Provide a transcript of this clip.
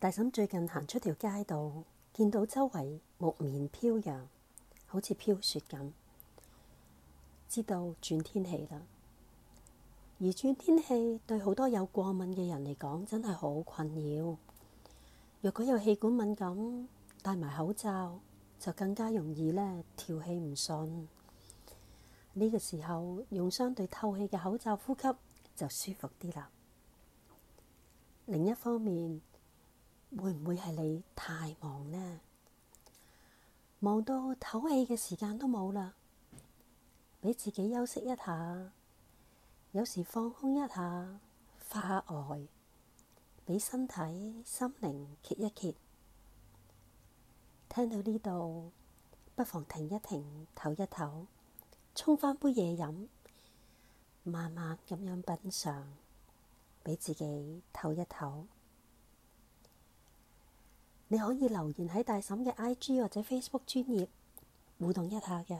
大嬸最近行出條街度，見到周圍木棉飄揚，好似飄雪咁，知道轉天氣啦。而轉天氣對好多有過敏嘅人嚟講，真係好困擾。若果有氣管敏感，戴埋口罩就更加容易呢調氣唔順。呢個時候用相對透氣嘅口罩呼吸就舒服啲啦。另一方面，會唔會係你太忙呢？忙到唞氣嘅時間都冇啦，俾自己休息一下，有時放空一下，發下呆，俾身體心靈歇一歇。聽到呢度，不妨停一停，唞一唞，沖翻杯嘢飲，慢慢咁樣品嚐，俾自己唞一唞。你可以留言喺大嬸嘅 IG 或者 Facebook 專頁互動一下嘅。